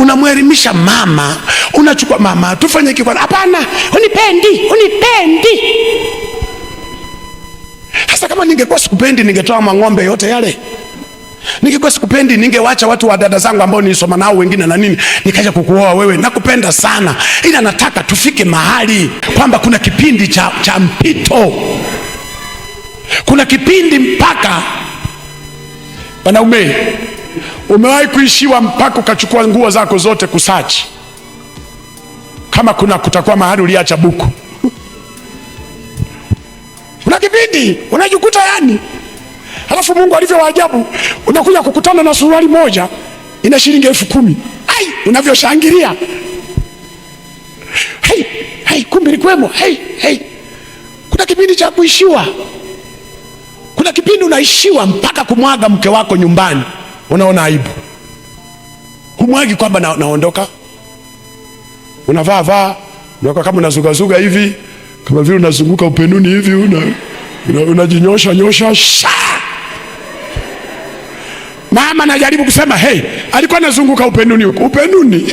unamwelimisha mama, unachukua mama, tufanye kiwa. Hapana, unipendi, unipendi. Hasa kama ningekuwa sikupendi, ningetoa mang'ombe yote yale. Ningekuwa sikupendi, ningewacha watu wa dada zangu ambao nilisoma nao wengine na nini, nikaja kukuoa wewe. Nakupenda sana, ila nataka tufike mahali kwamba kuna kipindi cha, cha mpito. Kuna kipindi mpaka wanaume Umewahi kuishiwa mpaka ukachukua nguo zako zote kusachi, kama kuna kutakuwa mahali uliacha buku una kipindi unajikuta yani, halafu Mungu alivyo waajabu, unakuja kukutana na suruali moja ina shilingi elfu kumi. Ai, unavyoshangilia hey, hey, kumbe likwemo hey, hey. Kuna kipindi cha kuishiwa, kuna kipindi unaishiwa mpaka kumwaga mke wako nyumbani unaona aibu, humwagi kwamba na, naondoka. Unavaa vaa unakuwa kama unazugazuga hivi kama vile unazunguka upenuni hivi unajinyosha una, una nyosha sha. Mama najaribu kusema hey, alikuwa anazunguka upenuni huko upenuni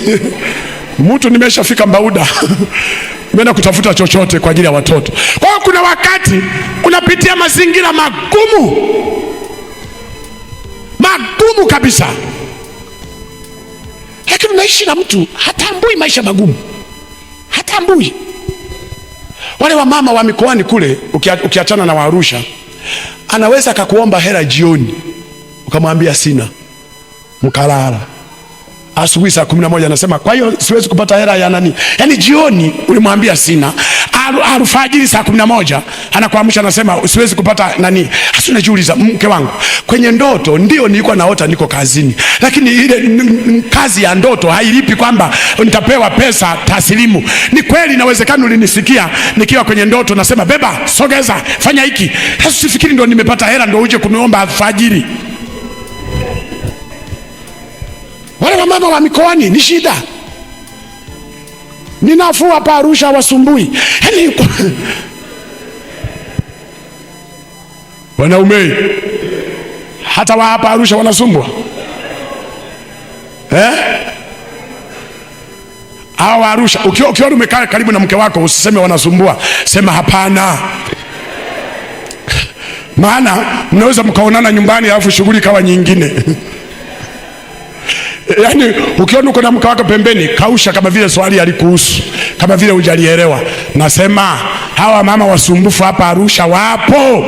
mtu nimeshafika Mbauda nimeenda kutafuta chochote kwa ajili ya watoto. Kwa hiyo kuna wakati kunapitia mazingira magumu magumu kabisa, lakini unaishi na mtu hatambui maisha magumu, hatambui. Wale wamama wa mikoani kule, ukiachana na Waarusha, anaweza akakuomba hela jioni, ukamwambia sina, mkalala. Asubuhi saa kumi na moja anasema kwa hiyo siwezi kupata hela ya nani? Yaani jioni ulimwambia sina, alfajiri saa kumi na moja anakuamsha anasema usiwezi kupata nani. hasi najiuliza mke wangu, kwenye ndoto ndio nilikuwa naota niko kazini, lakini ile kazi ya ndoto hailipi kwamba nitapewa pesa taslimu. Ni kweli inawezekana ulinisikia nikiwa kwenye ndoto nasema beba, sogeza, fanya hiki. Sasa sifikiri ndo nimepata hela ndo uje kuniomba alfajiri. Wale wamama wa mikoani ni shida ni nafuu hapa Arusha wasumbui wanaume hata wa hapa Arusha wanasumbwa eh? Hawa wa Arusha ukiwa ukiwa umekaa karibu na mke wako usiseme wanasumbua, sema hapana. Maana mnaweza mkaonana nyumbani alafu shughuli kawa nyingine Yaani ukiona uko na mke wako pembeni, kausha kama vile swali alikuhusu, kama vile hujalielewa. Nasema hawa mama wasumbufu hapa Arusha wapo.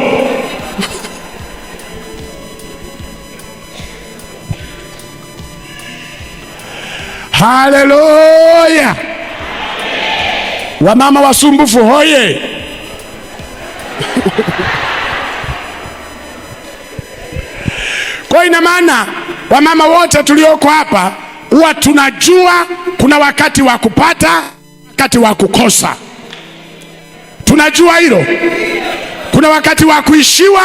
Haleluya! Wamama wasumbufu hoye! Kwa ina maana Wamama wote tulioko hapa huwa tunajua kuna wakati wa kupata, wakati wa kukosa. Tunajua hilo. Kuna wakati wa kuishiwa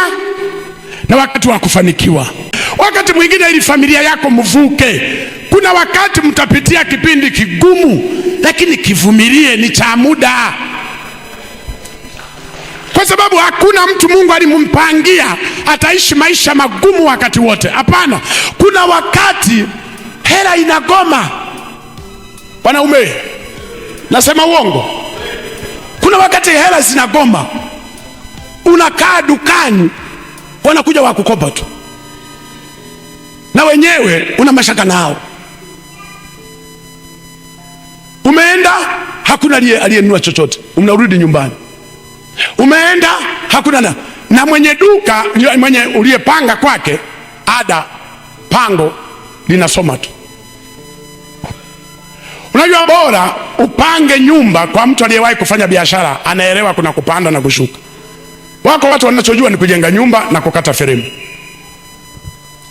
na wakati wa kufanikiwa. Wakati mwingine, ili familia yako mvuke, kuna wakati mtapitia kipindi kigumu, lakini kivumilie, ni cha muda kwa sababu hakuna mtu Mungu alimpangia ataishi maisha magumu wakati wote. Hapana, kuna wakati hela inagoma, wanaume, nasema uongo? Kuna wakati hela zinagoma, unakaa dukani, wanakuja wakukopa tu, na wenyewe una mashaka nao. Umeenda, hakuna aliyenunua chochote, unarudi nyumbani umeenda hakuna na, na mwenye duka mwenye uliyepanga kwake ada pango linasoma tu. Unajua, bora upange nyumba kwa mtu aliyewahi kufanya biashara, anaelewa kuna kupanda na kushuka. Wako watu wanachojua ni kujenga nyumba na kukata feremu,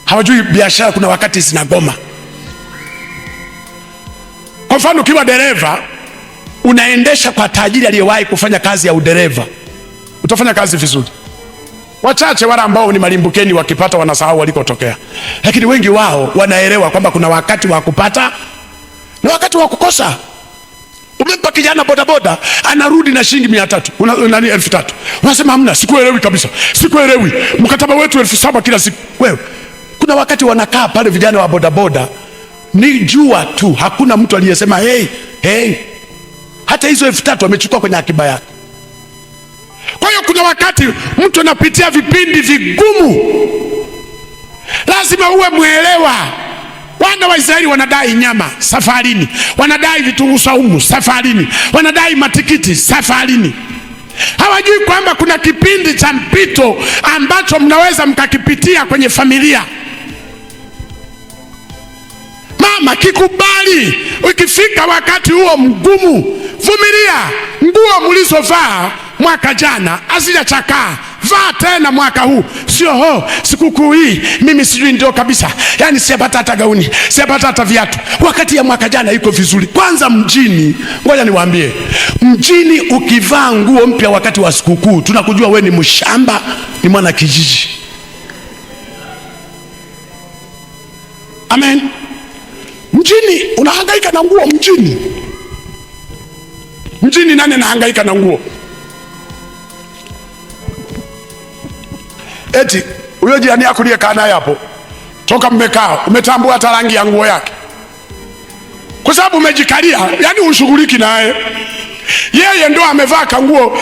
hawajui biashara kuna wakati zinagoma. Kwa mfano, ukiwa dereva unaendesha kwa tajiri aliyewahi kufanya kazi ya udereva, utafanya kazi vizuri. Wachache wale ambao ni malimbukeni wakipata wanasahau walikotokea, lakini wengi wao wanaelewa kwamba kuna wakati wa kupata na wakati wa kukosa. Umempa kijana bodaboda anarudi na shilingi mia tatu nani elfu tatu unasema hamna, sikuelewi kabisa, sikuelewi mkataba wetu elfu saba kila siku. Wewe kuna wakati wanakaa pale vijana wa bodaboda ni jua tu, hakuna mtu aliyesema hey, hey hata hizo elfu tatu amechukua kwenye akiba yake. Kwa hiyo kuna wakati mtu anapitia vipindi vigumu, lazima uwe mwelewa. Wana wa Israeli wanadai nyama safarini, wanadai vitunguu saumu safarini, wanadai matikiti safarini. Hawajui kwamba kuna kipindi cha mpito ambacho mnaweza mkakipitia kwenye familia. Mama, kikubali, ukifika wakati huo mgumu vumilia. Nguo mlizovaa mwaka jana chakaa vaa tena mwaka huu. Sio ho, sikukuu hii mimi sijui ndio kabisa, yaani siapata hata gauni, siapata hata viatu, wakati ya mwaka jana iko vizuri. Kwanza mjini, ngoja niwaambie, mjini ukivaa nguo mpya wakati wa sikukuu, tunakujua we ni mshamba, ni mwana kijiji. Amen. Mjini unahangaika na nguo mjini mjini, nani nahangaika na nguo? Eti huyo jirani yako uliyekaa naye hapo toka mmekaa, umetambua hata rangi ya nguo yake, kwa sababu umejikalia, yani ushughuliki naye. Yeye ndo amevaa kanguo,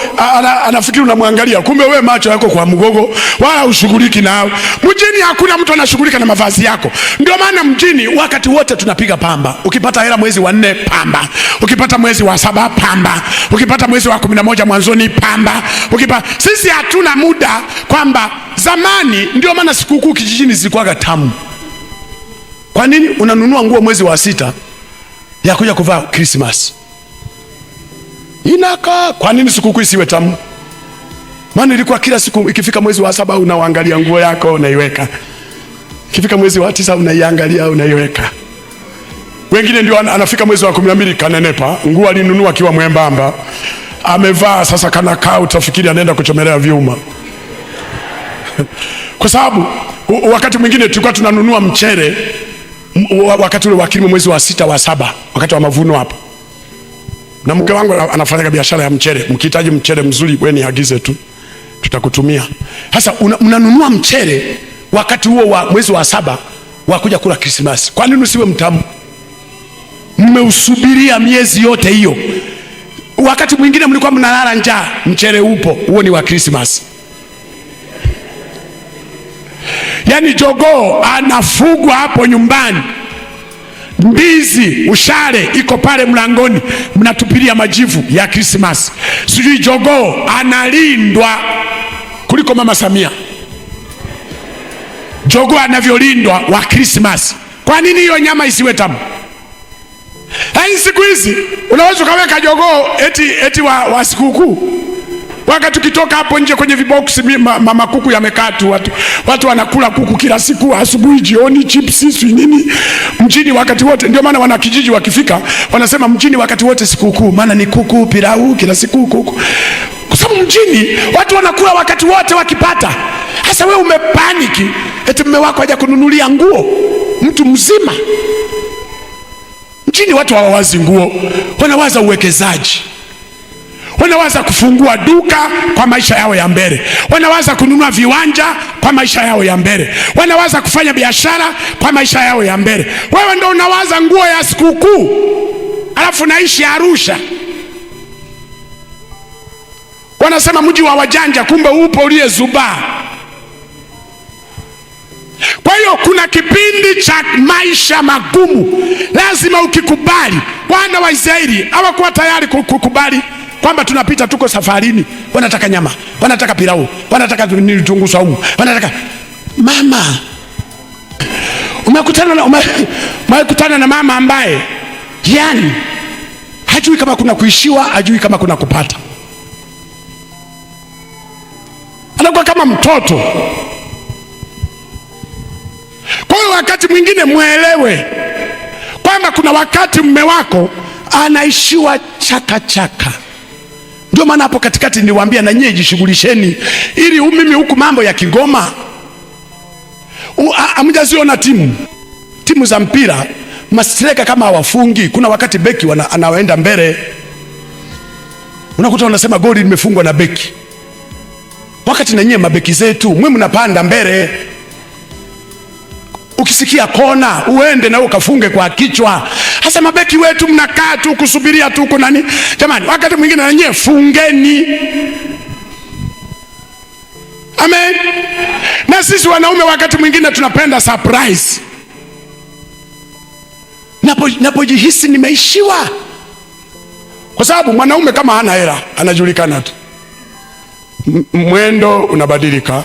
anafikiri unamwangalia, kumbe wewe macho yako kwa mgogo, wala ushughuliki nao. Mjini hakuna mtu anashughulika na mavazi yako. Ndio maana mjini wakati wote tunapiga pamba. Ukipata hela mwezi wa nne, pamba. Ukipata mwezi wa saba, pamba. Ukipata mwezi wa kumi na moja mwanzoni, pamba. Ukipata sisi hatuna muda kwamba zamani. Ndio maana sikukuu kijijini zilikuwaga tamu. Kwa nini? Unanunua nguo mwezi wa sita ya kuja kuvaa Krismasi inakaa. Kwa nini sikukuu isiwe tamu? Maana ilikuwa kila siku ikifika mwezi wa saba unaangalia nguo yako unaiweka, ikifika mwezi wa tisa unaiangalia unaiweka. Wengine ndio anafika mwezi wa kumi na mbili kanenepa, nguo alinunua akiwa mwembamba, amevaa sasa, kanakaa utafikiri anaenda kuchomelea vyuma kwa sababu wakati mwingine tulikuwa tunanunua mchere wakati ule wa kilimo mwezi wa sita wa saba, wakati wa mavuno hapo na mke wangu anafanya biashara ya mchele. Mkihitaji mchele mzuri, wewe niagize tu, tutakutumia. Sasa mnanunua mchele wakati huo wa mwezi wa saba wa kuja kula Krismasi. Kwa nini usiwe mtamu? Mmeusubiria miezi yote hiyo. Wakati mwingine mlikuwa mnalala njaa, mchele upo, huo ni wa Krismasi. Yaani jogoo anafugwa hapo nyumbani mbizi, ushare iko pale mlangoni, mnatupilia majivu ya Krismasi, sijui jogoo analindwa kuliko mama Samia, jogoo anavyolindwa wa Krismasi. Kwa nini hiyo nyama isiwe tamu? Yaani siku hizi unaweza ukaweka jogoo eti, eti wa, wa sikukuu Wakati tukitoka hapo nje kwenye viboksi mama, kuku yamekaa tu watu, watu wanakula kuku kila siku, asubuhi, jioni, chipsi si nini mjini wakati wote. Ndio maana wanakijiji wakifika wanasema mjini wakati wote sikukuu, maana ni kuku, pilau kila siku kuku, kwa sababu mjini watu wanakula wakati wote wakipata. Sasa wewe umepaniki eti mume wako haja kununulia nguo, mtu mzima mjini watu hawawazi nguo, wanawaza uwekezaji wanawaza kufungua duka kwa maisha yao ya mbele, wanawaza kununua viwanja kwa maisha yao ya mbele, wanawaza kufanya biashara kwa maisha yao ya mbele. Wewe ndo unawaza nguo ya sikukuu, alafu naishi Arusha. Wanasema mji wa wajanja, kumbe upo uliyezubaa. Kwa hiyo kuna kipindi cha maisha magumu lazima ukikubali. Wana wa Israeli hawakuwa tayari kukubali kwamba tunapita tuko safarini, wanataka nyama, wanataka pilau, wanataka nilitungu saumu, wanataka mama. Umekutana na umekutana na mama ambaye yani hajui kama kuna kuishiwa, hajui kama kuna kupata, anakuwa kama mtoto. Kwa hiyo wakati mwingine mwelewe kwamba kuna wakati mume wako anaishiwa chakachaka chaka. Ndio maana hapo katikati niliwaambia na nyie jishughulisheni, ili mimi huku mambo ya Kigoma amjaziona timu timu za mpira mastreka kama hawafungi, kuna wakati beki wana, anawaenda mbele, unakuta wanasema goli limefungwa na beki, wakati na mabeki zetu mwe mnapanda mbele. Ukisikia kona uende na ukafunge kwa kichwa. Hasa mabeki wetu mnakaa tu kusubiria tu huko nani, Jamani, wakati mwingine nanyewe fungeni. Amen. Na sisi wanaume wakati mwingine tunapenda surprise. Napo napojihisi nimeishiwa, kwa sababu mwanaume kama hana hela anajulikana tu, mwendo unabadilika.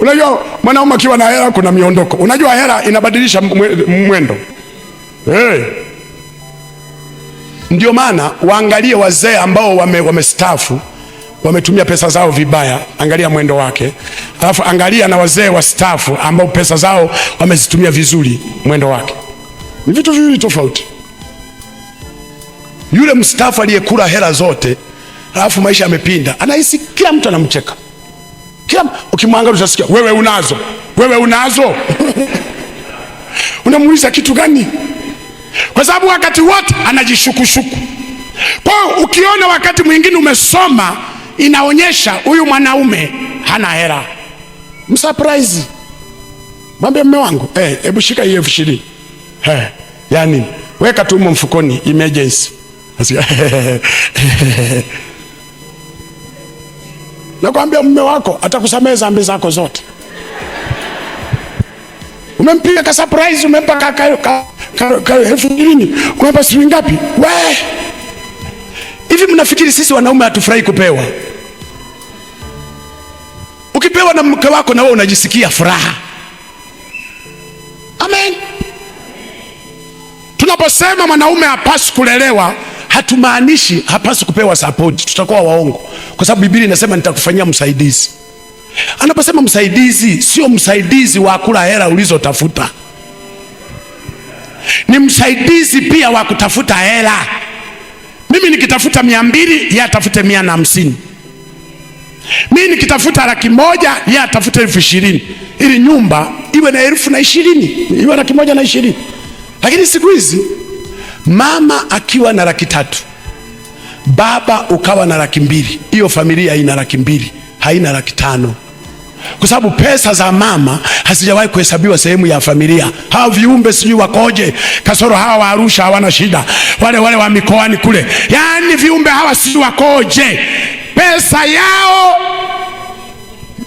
Unajua mwanaume akiwa na hela kuna miondoko. Unajua hela inabadilisha mwendo hey. Ndio maana waangalie wazee ambao wamestafu wame wametumia pesa zao vibaya, angalia mwendo wake, alafu angalia na wazee wastafu ambao pesa zao wamezitumia vizuri, mwendo wake. Ni vitu viwili tofauti. Yule mstafu aliyekula hela zote, alafu maisha yamepinda, anahisi kila mtu anamcheka. Kila ukimwangalia utasikia wewe unazo, wewe unazo. Unamuuliza kitu gani? Kwa sababu wakati wote anajishukushuku. Kwa hiyo ukiona wakati mwingine umesoma, inaonyesha huyu mwanaume hana hela. Msurprise, mwambie mme wangu, eh, hebu shika hiyo elfu ishirini eh, yani weka tu mfukoni, emergency Nakwambia mume wako atakusamehe dhambi zako zote. Umempiga ka surprise, umempa ka elfu ishirini, umempa shilingi ngapi? We hivi mnafikiri sisi wanaume hatufurahi kupewa? Ukipewa na mke wako na wewe unajisikia furaha. Amen. Tunaposema mwanaume hapaswi kulelewa hatumaanishi hapasi kupewa sapoti, tutakuwa waongo, kwa sababu Biblia inasema nitakufanyia msaidizi. Anaposema msaidizi, sio msaidizi wa kula hela ulizotafuta, ni msaidizi pia wa kutafuta hela. Mimi nikitafuta mia mbili, yeye atafute mia na hamsini. Mimi nikitafuta laki moja, yeye atafute elfu ishirini ili nyumba iwe na elfu na ishirini, iwe laki moja na ishirini. Lakini siku hizi Mama akiwa na laki tatu, baba ukawa na laki mbili, hiyo familia ina laki mbili, haina laki tano, kwa sababu pesa za mama hazijawahi kuhesabiwa sehemu ya familia. Hawa viumbe sijui wakoje, kasoro hawa wa Arusha hawana shida, wale wale wa mikoani kule, yaani viumbe hawa sijui wakoje, pesa yao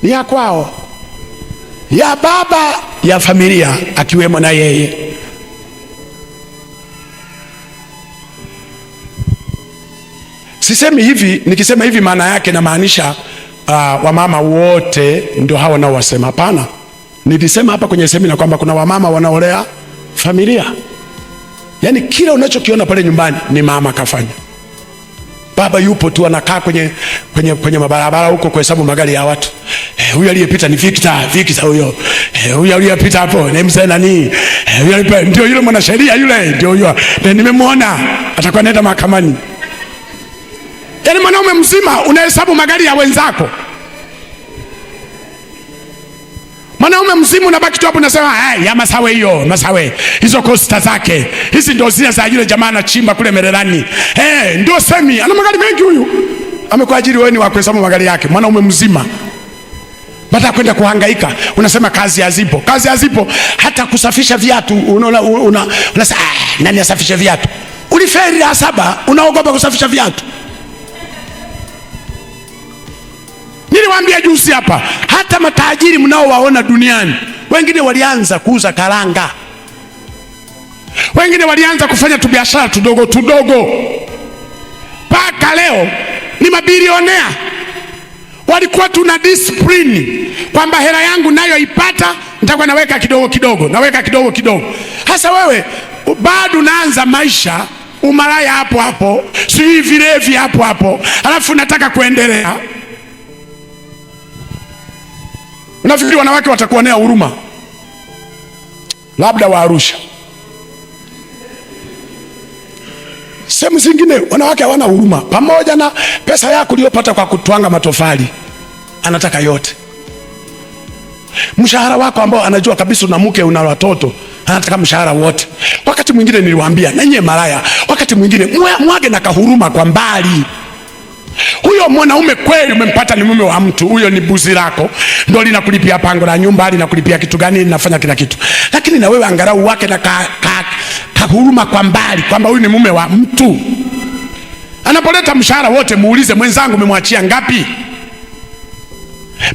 ni ya kwao, ya baba ya familia, akiwemo na yeye Sisemi hivi, nikisema hivi maana yake namaanisha uh, wamama wote ndio hao nao wasema. Hapana, nilisema hapa kwenye semina kwamba kuna wamama wanaolea familia, yaani kila unachokiona pale nyumbani ni mama kafanya. Baba yupo tu anakaa kwenye, kwenye, kwenye mabarabara huko kuhesabu magari ya watu eh, huyu aliyepita ni Victor, Victor huyo eh, huyu aliyepita hapo ni mzee nani eh, huyu ndio yule mwanasheria yule, ndio huyo, eh, nimemwona atakuwa naenda mahakamani mwanaume mzima unahesabu magari ya wenzako. Mwanaume mzima unabaki tu hapo unasema hey, ya masawe hiyo masawe hizo kosta zake hizi ndio zile za yule jamaa anachimba kule Mererani. Hey, eh, ndio semi ana magari mengi huyu, amekuajiri wewe ni wa kuhesabu magari yake. Mwanaume mzima baada ya kwenda kuhangaika unasema kazi hazipo, kazi hazipo. Hata kusafisha viatu unasema una, ah, una, una, nani asafishe viatu? Uliferi la saba, unaogopa kusafisha viatu. Niliwaambia juzi hapa, hata matajiri mnaowaona duniani wengine walianza kuuza karanga, wengine walianza kufanya tubiashara tudogo tudogo, mpaka leo ni mabilionea. Walikuwa tuna discipline kwamba hela yangu nayoipata nitakuwa naweka kidogo kidogo, naweka kidogo kidogo. Hasa wewe bado unaanza maisha umalaya hapo hapo, sijui vilevi hapo hapo, alafu nataka kuendelea Unafikiri wanawake watakuonea huruma? Labda wa Arusha, sehemu zingine wanawake hawana huruma. Pamoja na pesa yako uliyopata kwa kutwanga matofali, anataka yote. Mshahara wako ambao anajua kabisa una mke una watoto, anataka mshahara wote. Wakati mwingine niliwaambia, nanyie maraya, wakati mwingine mwage na kahuruma kwa mbali. Huyo mwanaume kweli umempata, ni mume wa mtu huyo, ni buzi lako, ndo linakulipia pango la nyumba, linakulipia kitu gani, linafanya kila kitu, lakini na wewe angalau wake na ka, ka, ka huruma kwa mbali kwamba huyu ni mume wa mtu. Anapoleta mshahara wote muulize, mwenzangu, umemwachia ngapi?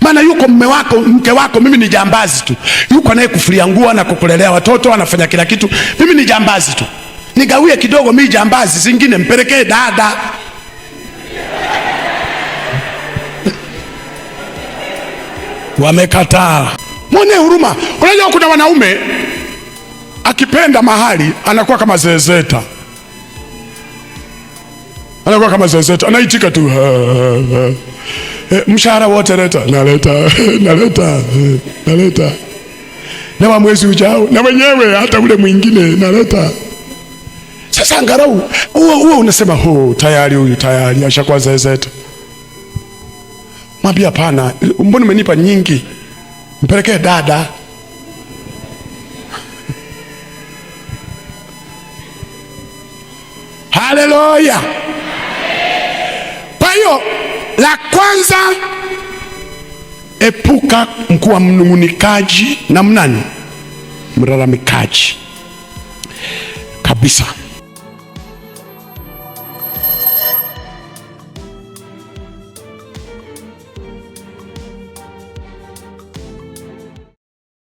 Maana yuko mume wako, mke wako, mimi ni jambazi tu, yuko naye kufulia nguo na kukulelea watoto, anafanya kila kitu, mimi ni jambazi tu, nigawie kidogo, mimi jambazi, zingine mpelekee dada. wamekataa. Mwone huruma. Unajua kuna wanaume akipenda mahali anakuwa kama zezeta, anakuwa kama zezeta, anaitika tu e, mshahara wote leta, naleta naleta naleta, na wa mwezi ujao na wenyewe hata ule mwingine naleta. Sasa angalau huo huo unasema ho, tayari huyu tayari ashakuwa zezeta. Mwambie hapana, mbona umenipa nyingi, mpelekee dada. Haleluya! Kwa hiyo la kwanza, epuka mkua mnung'unikaji na mnani mlalamikaji kabisa.